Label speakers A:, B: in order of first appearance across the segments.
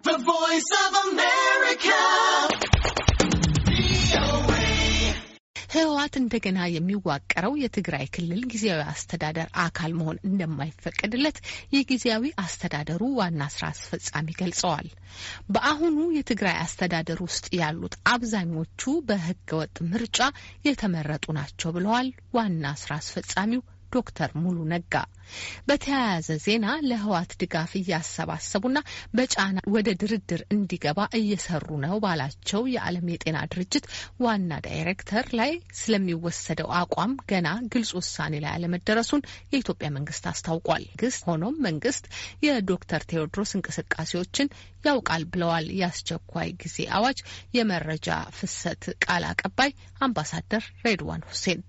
A: The Voice of America.
B: ህወሓት እንደገና የሚዋቀረው የትግራይ ክልል ጊዜያዊ አስተዳደር አካል መሆን እንደማይፈቀድለት የጊዜያዊ አስተዳደሩ ዋና ስራ አስፈጻሚ ገልጸዋል። በአሁኑ የትግራይ አስተዳደር ውስጥ ያሉት አብዛኞቹ በህገወጥ ምርጫ የተመረጡ ናቸው ብለዋል ዋና ስራ አስፈጻሚው ዶክተር ሙሉ ነጋ። በተያያዘ ዜና ለህዋት ድጋፍ እያሰባሰቡና በጫና ወደ ድርድር እንዲገባ እየሰሩ ነው ባላቸው የዓለም የጤና ድርጅት ዋና ዳይሬክተር ላይ ስለሚወሰደው አቋም ገና ግልጽ ውሳኔ ላይ አለመደረሱን የኢትዮጵያ መንግስት አስታውቋል። ግስ ሆኖም መንግስት የዶክተር ቴዎድሮስ እንቅስቃሴዎችን ያውቃል ብለዋል የአስቸኳይ ጊዜ አዋጅ የመረጃ ፍሰት ቃል አቀባይ አምባሳደር ሬድዋን ሁሴን።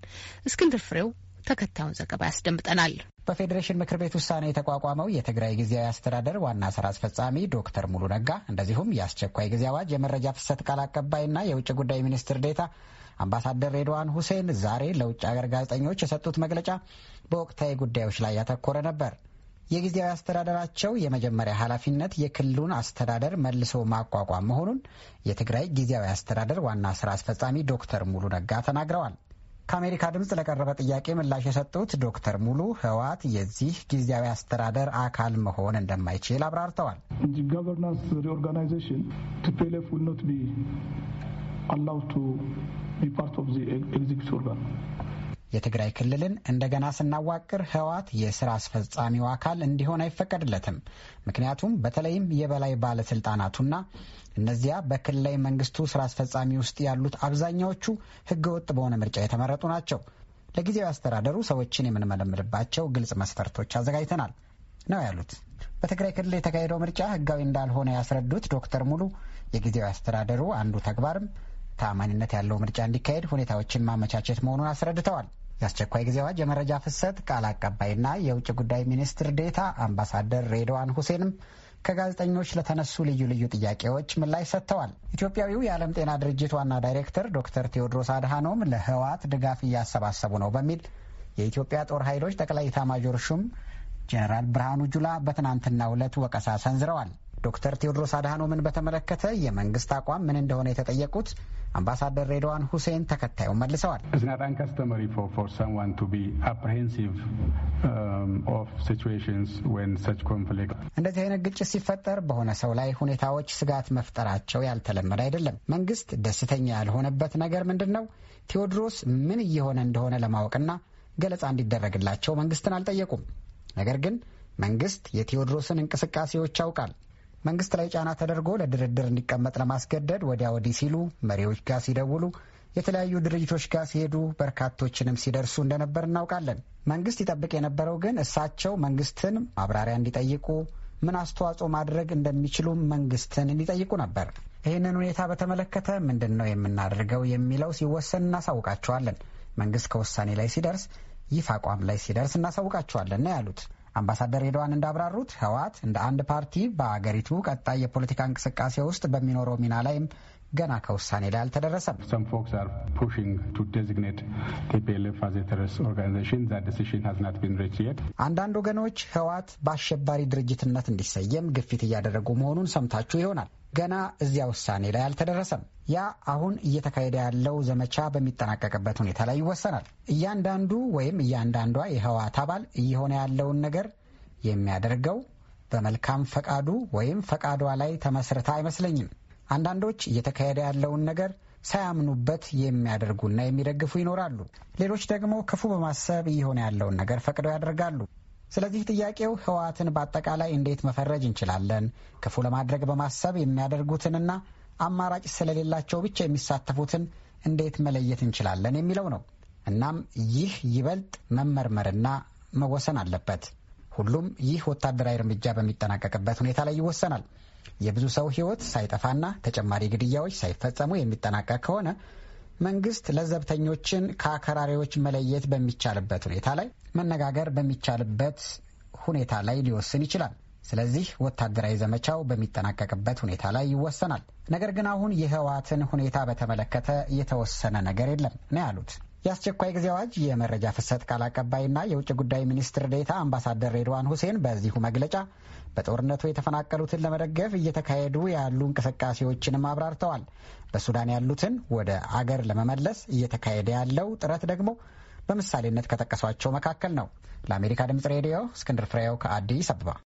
B: እስክንድር ፍሬው ተከታዩን ዘገባ ያስደምጠናል።
A: በፌዴሬሽን ምክር ቤት ውሳኔ የተቋቋመው የትግራይ ጊዜያዊ አስተዳደር ዋና ስራ አስፈጻሚ ዶክተር ሙሉ ነጋ እንደዚሁም የአስቸኳይ ጊዜ አዋጅ የመረጃ ፍሰት ቃል አቀባይና የውጭ ጉዳይ ሚኒስትር ዴታ አምባሳደር ሬድዋን ሁሴን ዛሬ ለውጭ ሀገር ጋዜጠኞች የሰጡት መግለጫ በወቅታዊ ጉዳዮች ላይ ያተኮረ ነበር። የጊዜያዊ አስተዳደራቸው የመጀመሪያ ኃላፊነት የክልሉን አስተዳደር መልሶ ማቋቋም መሆኑን የትግራይ ጊዜያዊ አስተዳደር ዋና ስራ አስፈጻሚ ዶክተር ሙሉ ነጋ ተናግረዋል። ከአሜሪካ ድምፅ ለቀረበ ጥያቄ ምላሽ የሰጡት ዶክተር ሙሉ ህወሓት የዚህ ጊዜያዊ አስተዳደር አካል መሆን እንደማይችል አብራርተዋል። ጋቨርናንስ ሪኦርጋናይዜሽን ቲፒኤልኤፍ ዊል ኖት ቢ አላውድ ቱ ቢ ፓርት ኦፍ ዘ ኤግዚኪቲቭ ኦርጋን የትግራይ ክልልን እንደገና ስናዋቅር ህወሓት የስራ አስፈጻሚው አካል እንዲሆን አይፈቀድለትም። ምክንያቱም በተለይም የበላይ ባለስልጣናቱና እነዚያ በክልላዊ መንግስቱ ስራ አስፈጻሚ ውስጥ ያሉት አብዛኛዎቹ ህገወጥ በሆነ ምርጫ የተመረጡ ናቸው። ለጊዜያዊ አስተዳደሩ ሰዎችን የምንመለምልባቸው ግልጽ መስፈርቶች አዘጋጅተናል ነው ያሉት። በትግራይ ክልል የተካሄደው ምርጫ ህጋዊ እንዳልሆነ ያስረዱት ዶክተር ሙሉ የጊዜያዊ አስተዳደሩ አንዱ ተግባርም ተአማኒነት ያለው ምርጫ እንዲካሄድ ሁኔታዎችን ማመቻቸት መሆኑን አስረድተዋል። የአስቸኳይ ጊዜ አዋጅ የመረጃ ፍሰት ቃል አቀባይና የውጭ ጉዳይ ሚኒስትር ዴታ አምባሳደር ሬድዋን ሁሴንም ከጋዜጠኞች ለተነሱ ልዩ ልዩ ጥያቄዎች ምላሽ ሰጥተዋል። ኢትዮጵያዊው የዓለም ጤና ድርጅት ዋና ዳይሬክተር ዶክተር ቴዎድሮስ አድሃኖም ለህወሓት ድጋፍ እያሰባሰቡ ነው በሚል የኢትዮጵያ ጦር ኃይሎች ጠቅላይ ኢታማዦር ሹም ጀነራል ብርሃኑ ጁላ በትናንትናው ዕለት ወቀሳ ሰንዝረዋል። ዶክተር ቴዎድሮስ አድሃኖምን በተመለከተ የመንግስት አቋም ምን እንደሆነ የተጠየቁት አምባሳደር ሬድዋን ሁሴን
B: ተከታዩን መልሰዋል። um,
A: እንደዚህ አይነት ግጭት ሲፈጠር በሆነ ሰው ላይ ሁኔታዎች ስጋት መፍጠራቸው ያልተለመደ አይደለም። መንግስት ደስተኛ ያልሆነበት ነገር ምንድን ነው? ቴዎድሮስ ምን እየሆነ እንደሆነ ለማወቅና ገለጻ እንዲደረግላቸው መንግስትን አልጠየቁም። ነገር ግን መንግስት የቴዎድሮስን እንቅስቃሴዎች ያውቃል። መንግስት ላይ ጫና ተደርጎ ለድርድር እንዲቀመጥ ለማስገደድ ወዲያ ወዲህ ሲሉ መሪዎች ጋር ሲደውሉ የተለያዩ ድርጅቶች ጋር ሲሄዱ በርካቶችንም ሲደርሱ እንደነበር እናውቃለን። መንግስት ይጠብቅ የነበረው ግን እሳቸው መንግስትን ማብራሪያ እንዲጠይቁ፣ ምን አስተዋጽኦ ማድረግ እንደሚችሉ መንግስትን እንዲጠይቁ ነበር። ይህንን ሁኔታ በተመለከተ ምንድን ነው የምናደርገው የሚለው ሲወሰን እናሳውቃቸዋለን። መንግስት ከውሳኔ ላይ ሲደርስ፣ ይፋ አቋም ላይ ሲደርስ እናሳውቃቸዋለን ነው ያሉት። አምባሳደር ሄደዋን እንዳብራሩት ህወሓት እንደ አንድ ፓርቲ በአገሪቱ ቀጣይ የፖለቲካ እንቅስቃሴ ውስጥ በሚኖረው ሚና ላይም ገና ከውሳኔ ላይ አልተደረሰም። አንዳንድ ወገኖች ህወሓት በአሸባሪ ድርጅትነት እንዲሰየም ግፊት እያደረጉ መሆኑን ሰምታችሁ ይሆናል። ገና እዚያ ውሳኔ ላይ አልተደረሰም። ያ አሁን እየተካሄደ ያለው ዘመቻ በሚጠናቀቅበት ሁኔታ ላይ ይወሰናል። እያንዳንዱ ወይም እያንዳንዷ የህወሓት አባል እየሆነ ያለውን ነገር የሚያደርገው በመልካም ፈቃዱ ወይም ፈቃዷ ላይ ተመስርታ አይመስለኝም። አንዳንዶች እየተካሄደ ያለውን ነገር ሳያምኑበት የሚያደርጉና የሚደግፉ ይኖራሉ። ሌሎች ደግሞ ክፉ በማሰብ እየሆነ ያለውን ነገር ፈቅደው ያደርጋሉ። ስለዚህ ጥያቄው ህወሓትን በአጠቃላይ እንዴት መፈረጅ እንችላለን? ክፉ ለማድረግ በማሰብ የሚያደርጉትንና አማራጭ ስለሌላቸው ብቻ የሚሳተፉትን እንዴት መለየት እንችላለን የሚለው ነው። እናም ይህ ይበልጥ መመርመርና መወሰን አለበት። ሁሉም ይህ ወታደራዊ እርምጃ በሚጠናቀቅበት ሁኔታ ላይ ይወሰናል። የብዙ ሰው ህይወት ሳይጠፋና ተጨማሪ ግድያዎች ሳይፈጸሙ የሚጠናቀቅ ከሆነ መንግስት ለዘብተኞችን ከአከራሪዎች መለየት በሚቻልበት ሁኔታ ላይ መነጋገር በሚቻልበት ሁኔታ ላይ ሊወስን ይችላል። ስለዚህ ወታደራዊ ዘመቻው በሚጠናቀቅበት ሁኔታ ላይ ይወሰናል። ነገር ግን አሁን የህወሓትን ሁኔታ በተመለከተ የተወሰነ ነገር የለም ነው ያሉት። የአስቸኳይ ጊዜ አዋጅ የመረጃ ፍሰት ቃል አቀባይና የውጭ ጉዳይ ሚኒስትር ዴታ አምባሳደር ሬድዋን ሁሴን በዚሁ መግለጫ በጦርነቱ የተፈናቀሉትን ለመደገፍ እየተካሄዱ ያሉ እንቅስቃሴዎችንም አብራርተዋል። በሱዳን ያሉትን ወደ አገር ለመመለስ እየተካሄደ ያለው ጥረት ደግሞ በምሳሌነት ከጠቀሷቸው መካከል ነው። ለአሜሪካ ድምጽ ሬዲዮ እስክንድር ፍሬው ከአዲስ አበባ